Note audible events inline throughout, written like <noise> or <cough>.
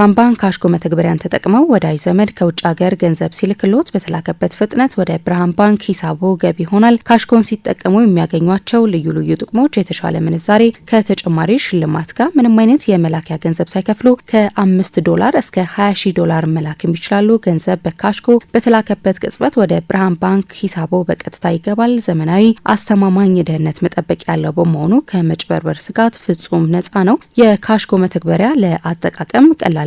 ብርሃን ባንክ ካሽጎ መተግበሪያን ተጠቅመው ወዳጅ ዘመድ ከውጭ ሀገር ገንዘብ ሲልክሎት በተላከበት ፍጥነት ወደ ብርሃን ባንክ ሂሳቦ ገቢ ይሆናል። ካሽጎን ሲጠቀሙ የሚያገኟቸው ልዩ ልዩ ጥቅሞች የተሻለ ምንዛሬ ከተጨማሪ ሽልማት ጋር ምንም አይነት የመላኪያ ገንዘብ ሳይከፍሉ ከአምስት ዶላር እስከ 20 ሺህ ዶላር መላክም ይችላሉ። ገንዘብ በካሽጎ በተላከበት ቅጽበት ወደ ብርሃን ባንክ ሂሳቦ በቀጥታ ይገባል። ዘመናዊ፣ አስተማማኝ ደህንነት መጠበቅ ያለው በመሆኑ ከመጭበርበር ስጋት ፍጹም ነጻ ነው። የካሽጎ መተግበሪያ ለአጠቃቀም ቀላል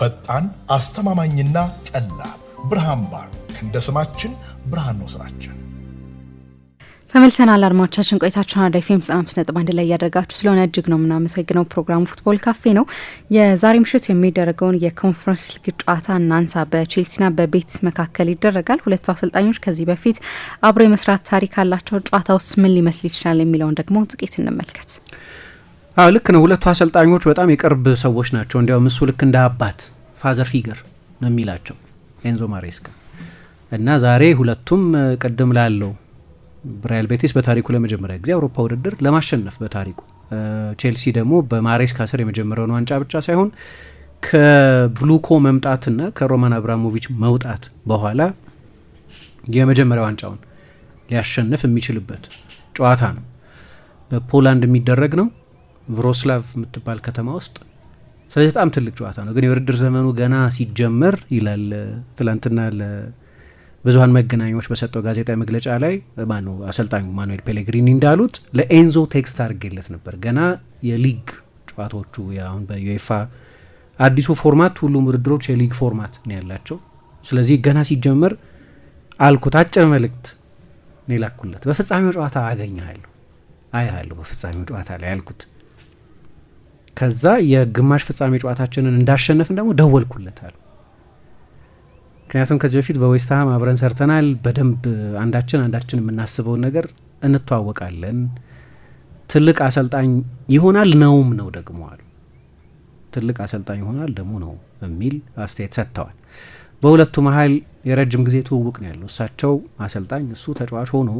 ፈጣን፣ አስተማማኝና ቀላል ብርሃን ባንክ። እንደ ስማችን ብርሃን ነው ስራችን። ተመልሰናል አድማጮቻችን፣ ቆይታችን አራዳ ኤፍ ኤም ዘጠና አምስት ነጥብ አንድ ላይ እያደረጋችሁ ስለሆነ እጅግ ነው የምናመሰግነው። ፕሮግራሙ ፉትቦል ካፌ ነው። የዛሬ ምሽት የሚደረገውን የኮንፈረንስ ሊግ ጨዋታ እናንሳ። በቼልሲና በቤት መካከል ይደረጋል። ሁለቱ አሰልጣኞች ከዚህ በፊት አብሮ የመስራት ታሪክ አላቸው። ጨዋታ ውስጥ ምን ሊመስል ይችላል የሚለውን ደግሞ ጥቂት እንመልከት። አዎ ልክ ነው። ሁለቱ አሰልጣኞች በጣም የቅርብ ሰዎች ናቸው። እንዲያውም እሱ ልክ እንደ አባት ፋዘር ፊገር ነው የሚላቸው ኤንዞ ማሬስካ እና ዛሬ ሁለቱም ቅድም ላለው ሪያል ቤቲስ በታሪኩ ለመጀመሪያ ጊዜ አውሮፓ ውድድር ለማሸነፍ በታሪኩ ቼልሲ ደግሞ በማሬስካ ስር የመጀመሪያውን ዋንጫ ብቻ ሳይሆን ከብሉኮ መምጣትና ከሮማን አብራሞቪች መውጣት በኋላ የመጀመሪያ ዋንጫውን ሊያሸንፍ የሚችልበት ጨዋታ ነው። በፖላንድ የሚደረግ ነው። ቭሮስላቭ የምትባል ከተማ ውስጥ ስለዚህ በጣም ትልቅ ጨዋታ ነው። ግን የውድድር ዘመኑ ገና ሲጀመር ይላል ትላንትና ለብዙሀን መገናኛዎች በሰጠው ጋዜጣዊ መግለጫ ላይ ማኑ አሰልጣኙ ማኑኤል ፔሌግሪኒ እንዳሉት ለኤንዞ ቴክስት አድርጌለት ነበር። ገና የሊግ ጨዋታዎቹ አሁን በዩኤፋ አዲሱ ፎርማት ሁሉም ውድድሮች የሊግ ፎርማት ነው ያላቸው። ስለዚህ ገና ሲጀመር አልኩት፣ አጭር መልእክት ነው የላኩለት። በፍጻሜው ጨዋታ አገኘሃለሁ፣ አያለሁ በፍጻሜው ጨዋታ ላይ አልኩት። ከዛ የግማሽ ፍጻሜ ጨዋታችንን እንዳሸነፍን ደግሞ ደወልኩለታል። ምክንያቱም ከዚህ በፊት በዌስትሃም አብረን ሰርተናል። በደንብ አንዳችን አንዳችን የምናስበውን ነገር እንተዋወቃለን። ትልቅ አሰልጣኝ ይሆናል ነውም ነው ደግሞ አሉ። ትልቅ አሰልጣኝ ይሆናል ደግሞ ነው የሚል አስተያየት ሰጥተዋል። በሁለቱ መሀል የረጅም ጊዜ ትውውቅ ነው ያለው። እሳቸው አሰልጣኝ፣ እሱ ተጫዋች ሆኖ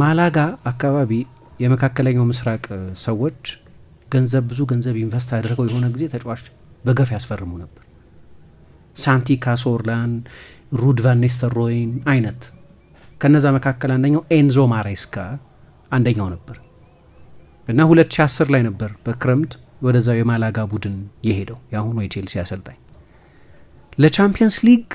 ማላጋ አካባቢ የመካከለኛው ምስራቅ ሰዎች ገንዘብ ብዙ ገንዘብ ኢንቨስት አድርገው የሆነ ጊዜ ተጫዋች በገፍ ያስፈርሙ ነበር። ሳንቲ ካሶርላን፣ ሩድ ቫን ኒስተልሮይን አይነት ከነዛ መካከል አንደኛው ኤንዞ ማሬስካ አንደኛው ነበር እና 2010 ላይ ነበር በክረምት ወደዛው የማላጋ ቡድን የሄደው የአሁኑ የቼልሲ አሰልጣኝ። ለቻምፒየንስ ሊግ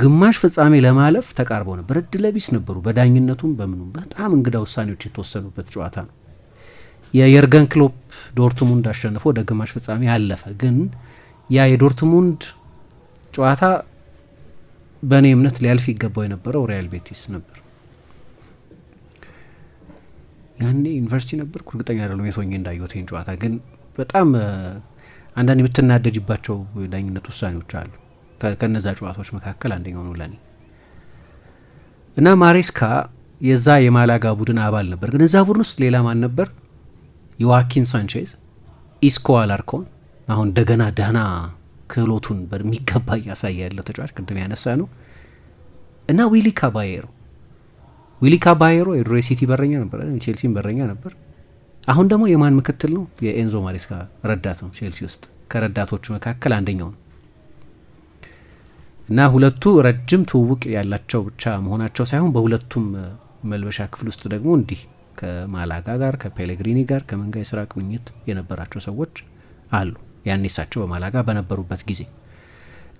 ግማሽ ፍጻሜ ለማለፍ ተቃርበው ነበር። እድለቢስ ነበሩ። በዳኝነቱም በምኑም በጣም እንግዳ ውሳኔዎች የተወሰኑበት ጨዋታ ነው። የየርገን ክሎፕ ዶርትሙንድ አሸንፎ ወደ ግማሽ ፍጻሜ አለፈ። ግን ያ የዶርትሙንድ ጨዋታ በእኔ እምነት ሊያልፍ ይገባው የነበረው ሪያል ቤቲስ ነበር። ያኔ ዩኒቨርሲቲ ነበርኩ፣ እርግጠኛ አይደለም የሰኝ እንዳየሁት ይህን ጨዋታ። ግን በጣም አንዳንድ የምትናደጅባቸው ዳኝነት ውሳኔዎች አሉ። ከነዛ ጨዋታዎች መካከል አንደኛው ነው ለኔ እና ማሬስካ የዛ የማላጋ ቡድን አባል ነበር። ግን እዛ ቡድን ውስጥ ሌላ ማን ነበር? የዋኪን ሳንቼዝ ኢስኮ አላርኮን አሁን እንደገና ደህና ክህሎቱን በሚገባ እያሳየ ያለው ተጫዋች ቅድም ያነሳ ነው እና ዊሊ ካባየሮ ዊሊ ካባየሮ የድሮ የሲቲ በረኛ ነበር፣ ቼልሲን በረኛ ነበር። አሁን ደግሞ የማን ምክትል ነው? የኤንዞ ማሬስካ ረዳት ነው። ቼልሲ ውስጥ ከረዳቶቹ መካከል አንደኛው ነው እና ሁለቱ ረጅም ትውውቅ ያላቸው ብቻ መሆናቸው ሳይሆን በሁለቱም መልበሻ ክፍል ውስጥ ደግሞ እንዲህ ከማላጋ ጋር ከፔሌግሪኒ ጋር ከምን ጋር የስራ ቅንኝት የነበራቸው ሰዎች አሉ። ያኔ እሳቸው በማላጋ በነበሩበት ጊዜ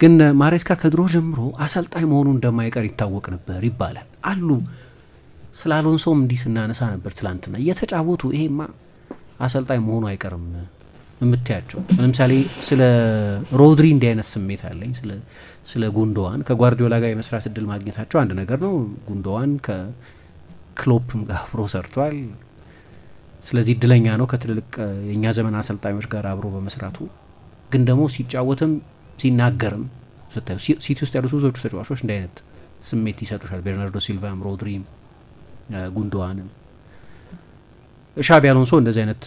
ግን ማሬስካ ከድሮ ጀምሮ አሰልጣኝ መሆኑ እንደማይቀር ይታወቅ ነበር ይባላል አሉ። ስለ አሎንሶም እንዲህ ስናነሳ ነበር ትላንትና እየተጫወቱ ይሄማ አሰልጣኝ መሆኑ አይቀርም የምትያቸው ለምሳሌ ስለ ሮድሪ እንዲህ አይነት ስሜት አለኝ። ስለ ጉንዶዋን ከጓርዲዮላ ጋር የመስራት እድል ማግኘታቸው አንድ ነገር ነው። ጉንዶዋን ክሎፕም ጋር አብሮ ሰርቷል። ስለዚህ እድለኛ ነው ከትልልቅ የእኛ ዘመን አሰልጣኞች ጋር አብሮ በመስራቱ። ግን ደግሞ ሲጫወትም ሲናገርም ስታዩ ሲቲ ውስጥ ያሉት ብዙዎቹ ተጫዋቾች እንዲህ አይነት ስሜት ይሰጡሻል። ቤርናርዶ ሲልቫም፣ ሮድሪም፣ ጉንዶዋንም ሻቢ አሎንሶ እንደዚህ አይነት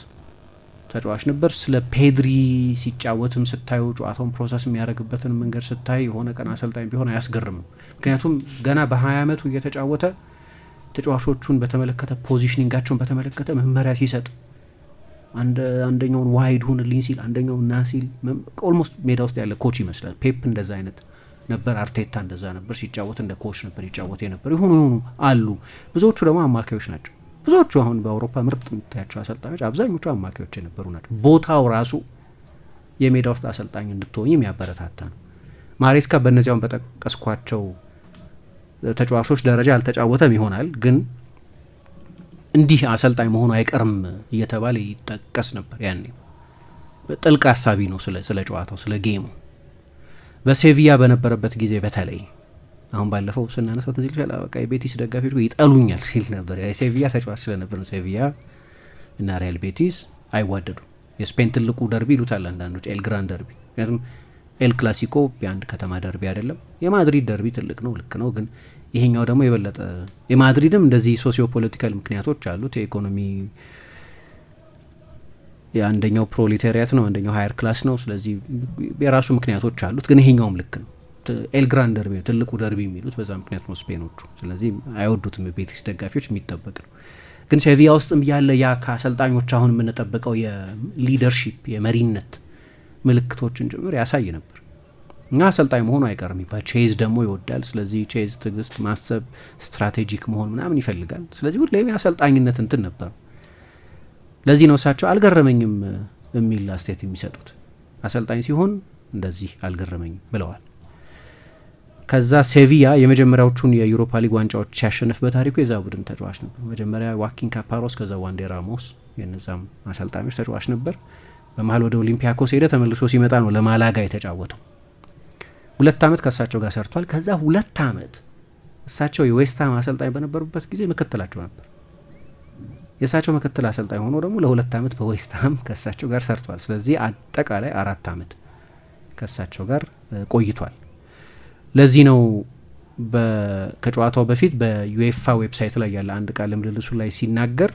ተጫዋች ነበር። ስለ ፔድሪ ሲጫወትም ስታዩ ጨዋታውን ፕሮሰስ የሚያደርግበትን መንገድ ስታይ የሆነ ቀን አሰልጣኝ ቢሆን አያስገርምም። ምክንያቱም ገና በሀያ አመቱ እየተጫወተ ተጫዋቾቹን በተመለከተ ፖዚሽኒንጋቸውን በተመለከተ መመሪያ ሲሰጥ አንደኛውን ዋይድ ሁንልኝ ሲል አንደኛውን ና ሲል ኦልሞስት ሜዳ ውስጥ ያለ ኮች ይመስላል። ፔፕ እንደዛ አይነት ነበር፣ አርቴታ እንደዛ ነበር ሲጫወት፣ እንደ ኮች ነበር ይጫወት የነበር። የሆኑ የሆኑ አሉ። ብዙዎቹ ደግሞ አማካዮች ናቸው። ብዙዎቹ አሁን በአውሮፓ ምርጥ የምታያቸው አሰልጣኞች አብዛኞቹ አማካዮች የነበሩ ናቸው። ቦታው ራሱ የሜዳ ውስጥ አሰልጣኝ እንድትሆኝ የሚያበረታታ ነው። ማሬስካ በእነዚያውን በጠቀስኳቸው ተጫዋቾች ደረጃ አልተጫወተም ይሆናል ግን እንዲህ አሰልጣኝ መሆኑ አይቀርም እየተባለ ይጠቀስ ነበር። ያኔ ጥልቅ ሀሳቢ ነው ስለ ጨዋታው ስለ ጌሙ። በሴቪያ በነበረበት ጊዜ በተለይ አሁን ባለፈው ስናነሳው ትዝ ይልሻል። በቃ የቤቲስ ደጋፊዎች ይጠሉኛል ሲል ነበር። የሴቪያ ተጫዋች ስለነበር ሴቪያ እና ሪያል ቤቲስ አይዋደዱም። የስፔን ትልቁ ደርቢ ይሉታል አንዳንዶች ኤልግራን ደርቢ ምክንያቱም ኤል ክላሲኮ የአንድ ከተማ ደርቢ አይደለም። የማድሪድ ደርቢ ትልቅ ነው፣ ልክ ነው። ግን ይሄኛው ደግሞ የበለጠ የማድሪድም እንደዚህ ሶሲዮ ፖለቲካል ምክንያቶች አሉት። የኢኮኖሚ የአንደኛው ፕሮሌታሪያት ነው፣ አንደኛው ሀየር ክላስ ነው። ስለዚህ የራሱ ምክንያቶች አሉት። ግን ይሄኛውም ልክ ነው። ኤል ግራን ደርቢ ነው፣ ትልቁ ደርቢ የሚሉት በዛ ምክንያት ነው ስፔኖቹ። ስለዚህ አይወዱትም፣ ቤቲስ ደጋፊዎች የሚጠበቅ ነው። ግን ሴቪያ ውስጥም ያለ ያ ከአሰልጣኞች አሁን የምንጠብቀው የሊደርሺፕ የመሪነት ምልክቶችን ጭምር ያሳይ ነበር እና አሰልጣኝ መሆኑ አይቀርም ይባል። ቼዝ ደግሞ ይወዳል። ስለዚህ ቼዝ ትዕግስት፣ ማሰብ፣ ስትራቴጂክ መሆን ምናምን ይፈልጋል። ስለዚህ ሁሌም የአሰልጣኝነት እንትን ነበር። ለዚህ ነው እሳቸው አልገረመኝም የሚል አስተያየት የሚሰጡት። አሰልጣኝ ሲሆን እንደዚህ አልገረመኝም ብለዋል። ከዛ ሴቪያ የመጀመሪያዎቹን የዩሮፓ ሊግ ዋንጫዎች ሲያሸንፍ በታሪኩ የዛ ቡድን ተጫዋች ነበር። መጀመሪያ ዋኪን ካፓሮስ፣ ከዛ ዋንዴ ራሞስ የነዛም አሰልጣኞች ተጫዋች ነበር። በመሀል ወደ ኦሊምፒያኮስ ሄደ። ተመልሶ ሲመጣ ነው ለማላጋ የተጫወተው። ሁለት ዓመት ከእሳቸው ጋር ሰርቷል። ከዛ ሁለት ዓመት እሳቸው የዌስትሃም አሰልጣኝ በነበሩበት ጊዜ ምክትላቸው ነበር። የእሳቸው ምክትል አሰልጣኝ ሆኖ ደግሞ ለሁለት ዓመት በዌስትሃም ከእሳቸው ጋር ሰርቷል። ስለዚህ አጠቃላይ አራት ዓመት ከእሳቸው ጋር ቆይቷል። ለዚህ ነው ከጨዋታው በፊት በዩኤፋ ዌብሳይት ላይ ያለ አንድ ቃለ ምልልሱ ላይ ሲናገር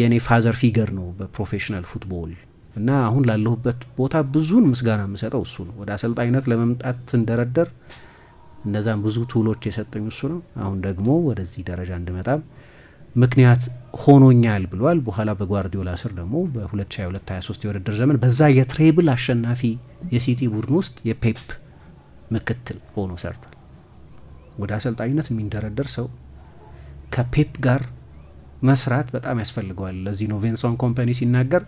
የእኔ ፋዘር ፊገር ነው በፕሮፌሽናል ፉትቦል እና አሁን ላለሁበት ቦታ ብዙን ምስጋና የምሰጠው እሱ ነው። ወደ አሰልጣኝነት ለመምጣት ስንደረደር እነዛን ብዙ ቱሎች የሰጠኝ እሱ ነው። አሁን ደግሞ ወደዚህ ደረጃ እንድመጣም ምክንያት ሆኖኛል ብሏል። በኋላ በጓርዲዮላ ስር ደግሞ በ2022/23 የውድድር ዘመን በዛ የትሬብል አሸናፊ የሲቲ ቡድን ውስጥ የፔፕ ምክትል ሆኖ ሰርቷል። ወደ አሰልጣኝነት የሚንደረደር ሰው ከፔፕ ጋር መስራት በጣም ያስፈልገዋል። ለዚህ ነው ቬንሶን ኮምፓኒ ሲናገር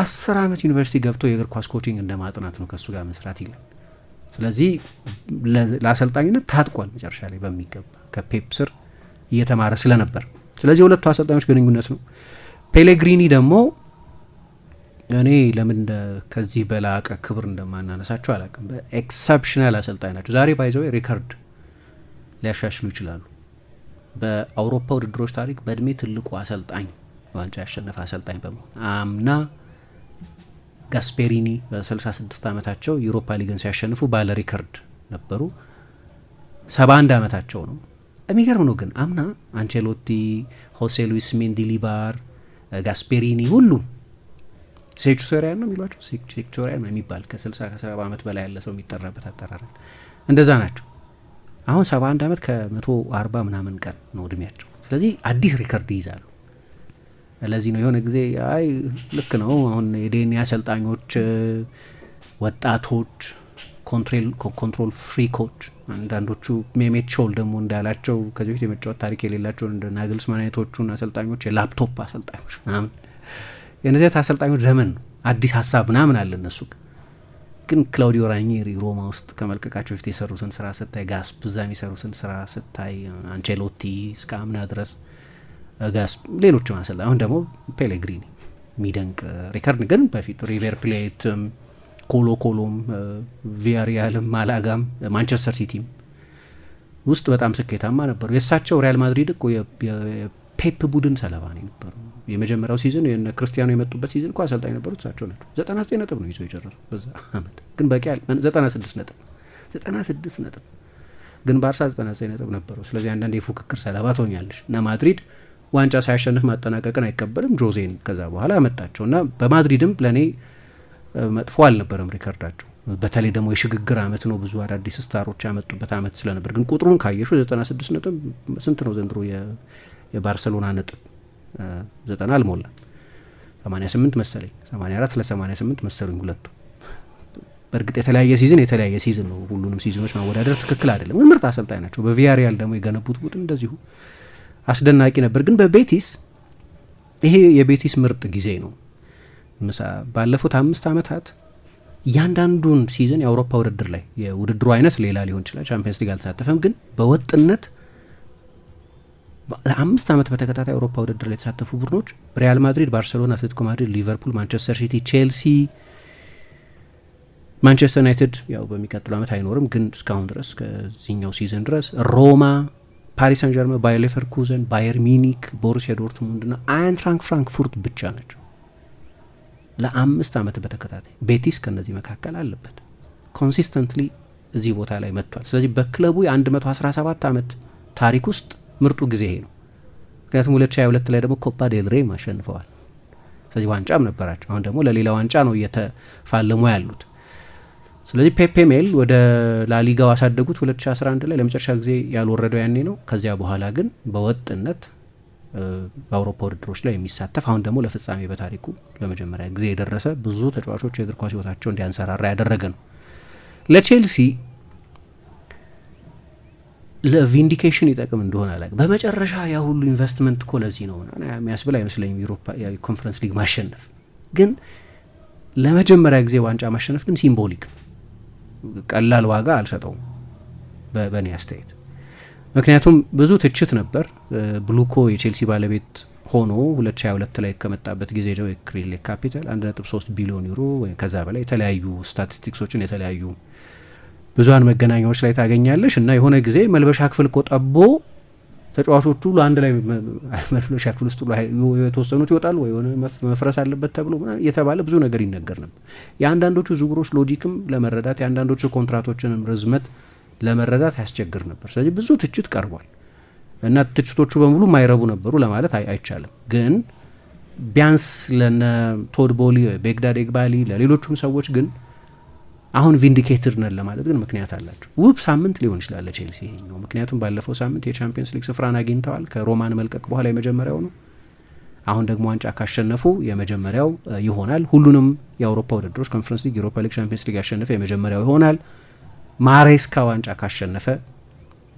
አስር ዓመት ዩኒቨርሲቲ ገብቶ የእግር ኳስ ኮቺንግ እንደ ማጥናት ነው ከእሱ ጋር መስራት ይላል። ስለዚህ ለአሰልጣኝነት ታጥቋል መጨረሻ ላይ በሚገባ ከፔፕ ስር እየተማረ ስለነበር። ስለዚህ ሁለቱ አሰልጣኞች ግንኙነት ነው። ፔሌግሪኒ ደግሞ እኔ ለምን ከዚህ በላቀ ክብር እንደማናነሳቸው አላውቅም። በኤክሰፕሽናል አሰልጣኝ ናቸው። ዛሬ ባይዘው ሪከርድ ሊያሻሽሉ ይችላሉ። በአውሮፓ ውድድሮች ታሪክ በእድሜ ትልቁ አሰልጣኝ ዋንጫ ያሸነፈ አሰልጣኝ በመሆን አምና ጋስፔሪኒ በ66 ዓመታቸው ዩሮፓ ሊግን ሲያሸንፉ ባለ ሪከርድ ነበሩ። 71 ዓመታቸው ነው። የሚገርም ነው ግን አምና አንቸሎቲ፣ ሆሴ ሉዊስ ሜንዲሊባር፣ ጋስፔሪኒ ሁሉም ሴክቹሪያን ነው የሚሏቸው ሴክቹሪያን የሚባል ከ60 ከ70 ዓመት በላይ ያለ ሰው የሚጠራበት አጠራራል እንደዛ ናቸው። አሁን 71 ዓመት ከ140 ምናምን ቀን ነው እድሜያቸው። ስለዚህ አዲስ ሪከርድ ይይዛሉ። ለዚህ ነው የሆነ ጊዜ አይ ልክ ነው አሁን የዴኒ አሰልጣኞች ወጣቶች ኮንትሮል ፍሪኮች አንዳንዶቹ ሜሜት ሾል ደግሞ እንዳላቸው ከዚህ በፊት የመጫወት ታሪክ የሌላቸው እንደ ናግልስማን አይነቶቹን አሰልጣኞች የላፕቶፕ አሰልጣኞች ምናምን የእነዚህ አሰልጣኞች ዘመን ነው አዲስ ሀሳብ ምናምን አለ እነሱ ግን ክላውዲዮ ራኒሪ ሮማ ውስጥ ከመልቀቃቸው በፊት የሰሩትን ስራ ስታይ ጋስፕ እዛም የሚሰሩትን ስራ ስታይ አንቸሎቲ እስከ አምና ድረስ ጋስ ሌሎች ማሰል አሁን ደግሞ ፔሌግሪኒ የሚደንቅ ሪከርድ ግን በፊቱ ሪቨር ፕሌትም ኮሎ ኮሎም ቪያሪያልም ማላጋም ማንቸስተር ሲቲም ውስጥ በጣም ስኬታማ ነበሩ። የእሳቸው ሪያል ማድሪድ እኮ የፔፕ ቡድን ሰለባ ነው የነበሩ። የመጀመሪያው ሲዝን የነ ክርስቲያኖ የመጡበት ሲዝን እኮ አሰልጣኝ የነበሩት እሳቸው ናቸው። 99 ነጥብ ነው ይዞ የጨረሱ በዛ አመት ግን በቂ 96 ነጥብ 96 ነጥብ ግን ባርሳ 99 ነጥብ ነበረው። ስለዚህ አንዳንድ የፉክክር ሰለባ ትሆኛለች እና ማድሪድ ዋንጫ ሳያሸንፍ ማጠናቀቅን አይቀበልም። ጆዜን ከዛ በኋላ አመጣቸው እና በማድሪድም ለእኔ መጥፎ አልነበረም ሪከርዳቸው። በተለይ ደግሞ የሽግግር አመት ነው፣ ብዙ አዳዲስ ስታሮች ያመጡበት አመት ስለነበር ግን ቁጥሩን ካየሹ ስድስት ነጥብ ስንት ነው ዘንድሮ የባርሰሎና ነጥብ? ዘጠና አልሞላ ስምንት መሰለኝ አራት ለሰማኒያ ስምንት መሰሉኝ ሁለቱ። በእርግጥ የተለያየ ሲዝን የተለያየ ሲዝን ነው፣ ሁሉንም ሲዝኖች ማወዳደር ትክክል አይደለም። ግን ምርጥ አሰልጣኝ ናቸው። በቪያሪያል ደግሞ የገነቡት ቡድን እንደዚሁ አስደናቂ ነበር። ግን በቤቲስ ይሄ የቤቲስ ምርጥ ጊዜ ነው። ባለፉት አምስት ዓመታት እያንዳንዱን ሲዝን የአውሮፓ ውድድር ላይ የውድድሩ አይነት ሌላ ሊሆን ይችላል። ቻምፒየንስ ሊግ አልተሳተፈም፣ ግን በወጥነት ለአምስት ዓመት በተከታታይ የአውሮፓ ውድድር ላይ የተሳተፉ ቡድኖች ሪያል ማድሪድ፣ ባርሴሎና፣ አትሌቲኮ ማድሪድ፣ ሊቨርፑል፣ ማንቸስተር ሲቲ፣ ቼልሲ፣ ማንቸስተር ዩናይትድ ያው በሚቀጥሉ ዓመት አይኖርም፣ ግን እስካሁን ድረስ ከዚህኛው ሲዝን ድረስ ሮማ ፓሪስ ሳን ጀርመን፣ ባየር ሌቨርኩዘን፣ ባየር ሚኒክ፣ ቦሩሲያ ና አይንትራንክ ፍራንክፉርት ብቻ ናቸው ለአምስት ዓመት በተከታታይ። ቤቲስ ከእነዚህ መካከል አለበት። ኮንሲስተንትሊ እዚህ ቦታ ላይ መጥቷል። ስለዚህ በክለቡ የ117 ዓመት ታሪክ ውስጥ ምርጡ ጊዜ ይሄ ነው። ምክንያቱም 2022 ላይ ደግሞ ኮፓ ዴል ሬም አሸንፈዋል። ስለዚህ ዋንጫም ነበራቸው። አሁን ደግሞ ለሌላ ዋንጫ ነው እየተፋለሙ ያሉት። ስለዚህ ፔፔ ሜል ወደ ላሊጋው አሳደጉት 2011 ላይ ለመጨረሻ ጊዜ ያልወረደው ያኔ ነው። ከዚያ በኋላ ግን በወጥነት በአውሮፓ ውድድሮች ላይ የሚሳተፍ አሁን ደግሞ ለፍጻሜ በታሪኩ ለመጀመሪያ ጊዜ የደረሰ ብዙ ተጫዋቾች የእግር ኳስ ህይወታቸው እንዲያንሰራራ ያደረገ ነው። ለቼልሲ ለቪንዲኬሽን ይጠቅም እንደሆነ አላውቅም። በመጨረሻ ያ ሁሉ ኢንቨስትመንት እኮ ለዚህ ነው የሚያስብል አይመስለኝም። ዩሮፓ ኮንፈረንስ ሊግ ማሸነፍ ግን ለመጀመሪያ ጊዜ ዋንጫ ማሸነፍ ግን ሲምቦሊክ ነው። ቀላል ዋጋ አልሰጠውም በእኔ አስተያየት። ምክንያቱም ብዙ ትችት ነበር። ብሉኮ የቼልሲ ባለቤት ሆኖ 2022 ላይ ከመጣበት ጊዜ ደው የክሪሌክ ካፒታል 1.3 ቢሊዮን ዩሮ ወይም ከዛ በላይ የተለያዩ ስታቲስቲክሶችን የተለያዩ ብዙሀን መገናኛዎች ላይ ታገኛለሽ እና የሆነ ጊዜ መልበሻ ክፍል ቆጠቦ። ተጫዋቾቹ ለአንድ ላይ መፍለሻ ክፍል ውስጥ የተወሰኑት ይወጣሉ ወይ የሆነ መፍረስ አለበት ተብሎ የተባለ ብዙ ነገር ይነገር ነበር። የአንዳንዶቹ ዝውውሮች ሎጂክም ለመረዳት የአንዳንዶቹ ኮንትራቶችንም ርዝመት ለመረዳት ያስቸግር ነበር። ስለዚህ ብዙ ትችት ቀርቧል እና ትችቶቹ በሙሉ ማይረቡ ነበሩ ለማለት አይቻልም። ግን ቢያንስ ለነ ቶድ ቦሊ፣ ቤግዳድ ኤግባሊ ለሌሎቹም ሰዎች ግን አሁን ቪንዲኬትድ ነን ለማለት ግን ምክንያት አላቸው። ውብ ሳምንት ሊሆን ይችላል ቼልሲ ይሄኛው፣ ምክንያቱም ባለፈው ሳምንት የቻምፒየንስ ሊግ ስፍራን አግኝተዋል። ከሮማን መልቀቅ በኋላ የመጀመሪያው ነው። አሁን ደግሞ ዋንጫ ካሸነፉ የመጀመሪያው ይሆናል። ሁሉንም የአውሮፓ ውድድሮች ኮንፈረንስ ሊግ፣ ዩሮፓ ሊግ፣ ቻምፒየንስ ሊግ ያሸነፈ የመጀመሪያው ይሆናል። ማሬስካ ዋንጫ ካሸነፈ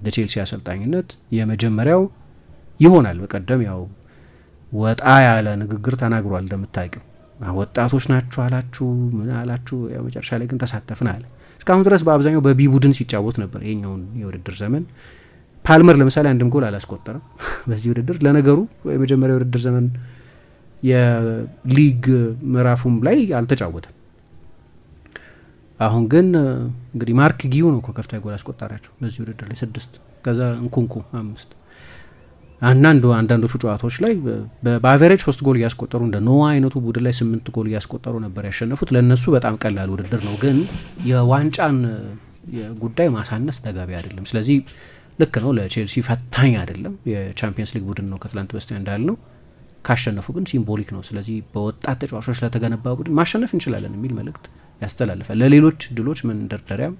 ለቼልሲ አሰልጣኝነት የመጀመሪያው ይሆናል። በቀደም ያው ወጣ ያለ ንግግር ተናግሯል እንደምታውቂው ወጣቶች ናችሁ አላችሁ ምን አላችሁ፣ መጨረሻ ላይ ግን ተሳተፍን አለ። እስካሁን ድረስ በአብዛኛው በቢ ቡድን ሲጫወት ነበር። ይሄኛውን የውድድር ዘመን ፓልመር ለምሳሌ አንድም ጎል አላስቆጠረም <laughs> በዚህ ውድድር። ለነገሩ የመጀመሪያ የውድድር ዘመን የሊግ ምዕራፉም ላይ አልተጫወተም። አሁን ግን እንግዲህ ማርክ ጊዩ ነው ከፍተኛ ጎል አስቆጣሪያቸው በዚህ ውድድር ላይ ስድስት፣ ከዛ እንኩንኩ አምስት አንዳንዱ አንዳንዶቹ ጨዋታዎች ላይ በአቨሬጅ ሶስት ጎል እያስቆጠሩ እንደ ኖዋ አይነቱ ቡድን ላይ ስምንት ጎል እያስቆጠሩ ነበር ያሸነፉት። ለእነሱ በጣም ቀላል ውድድር ነው፣ ግን የዋንጫን ጉዳይ ማሳነስ ተገቢ አይደለም። ስለዚህ ልክ ነው፣ ለቼልሲ ፈታኝ አይደለም። የቻምፒየንስ ሊግ ቡድን ነው ከትላንት በስቲያ እንዳል ነው። ካሸነፉ ግን ሲምቦሊክ ነው። ስለዚህ በወጣት ተጫዋቾች ለተገነባ ቡድን ማሸነፍ እንችላለን የሚል መልእክት ያስተላልፋል። ለሌሎች ድሎች መንደርደሪያም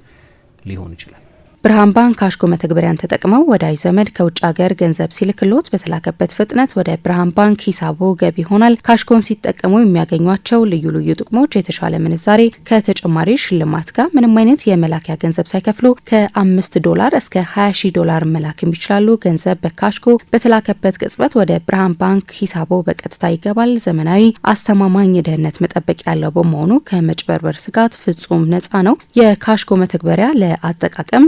ሊሆን ይችላል። ብርሃን ባንክ ካሽኮ መተግበሪያን ተጠቅመው ወዳጅ ዘመድ ከውጭ ሀገር ገንዘብ ሲልክሎት በተላከበት ፍጥነት ወደ ብርሃን ባንክ ሂሳቦ ገቢ ይሆናል። ካሽጎን ሲጠቀሙ የሚያገኟቸው ልዩ ልዩ ጥቅሞች የተሻለ ምንዛሬ ከተጨማሪ ሽልማት ጋር ምንም አይነት የመላኪያ ገንዘብ ሳይከፍሉ ከአምስት ዶላር እስከ 20 ሺህ ዶላር መላክም ይችላሉ። ገንዘብ በካሽጎ በተላከበት ቅጽበት ወደ ብርሃን ባንክ ሂሳቦ በቀጥታ ይገባል። ዘመናዊ፣ አስተማማኝ ደህንነት መጠበቅ ያለው በመሆኑ ከመጭበርበር ስጋት ፍጹም ነፃ ነው። የካሽጎ መተግበሪያ ለአጠቃቀም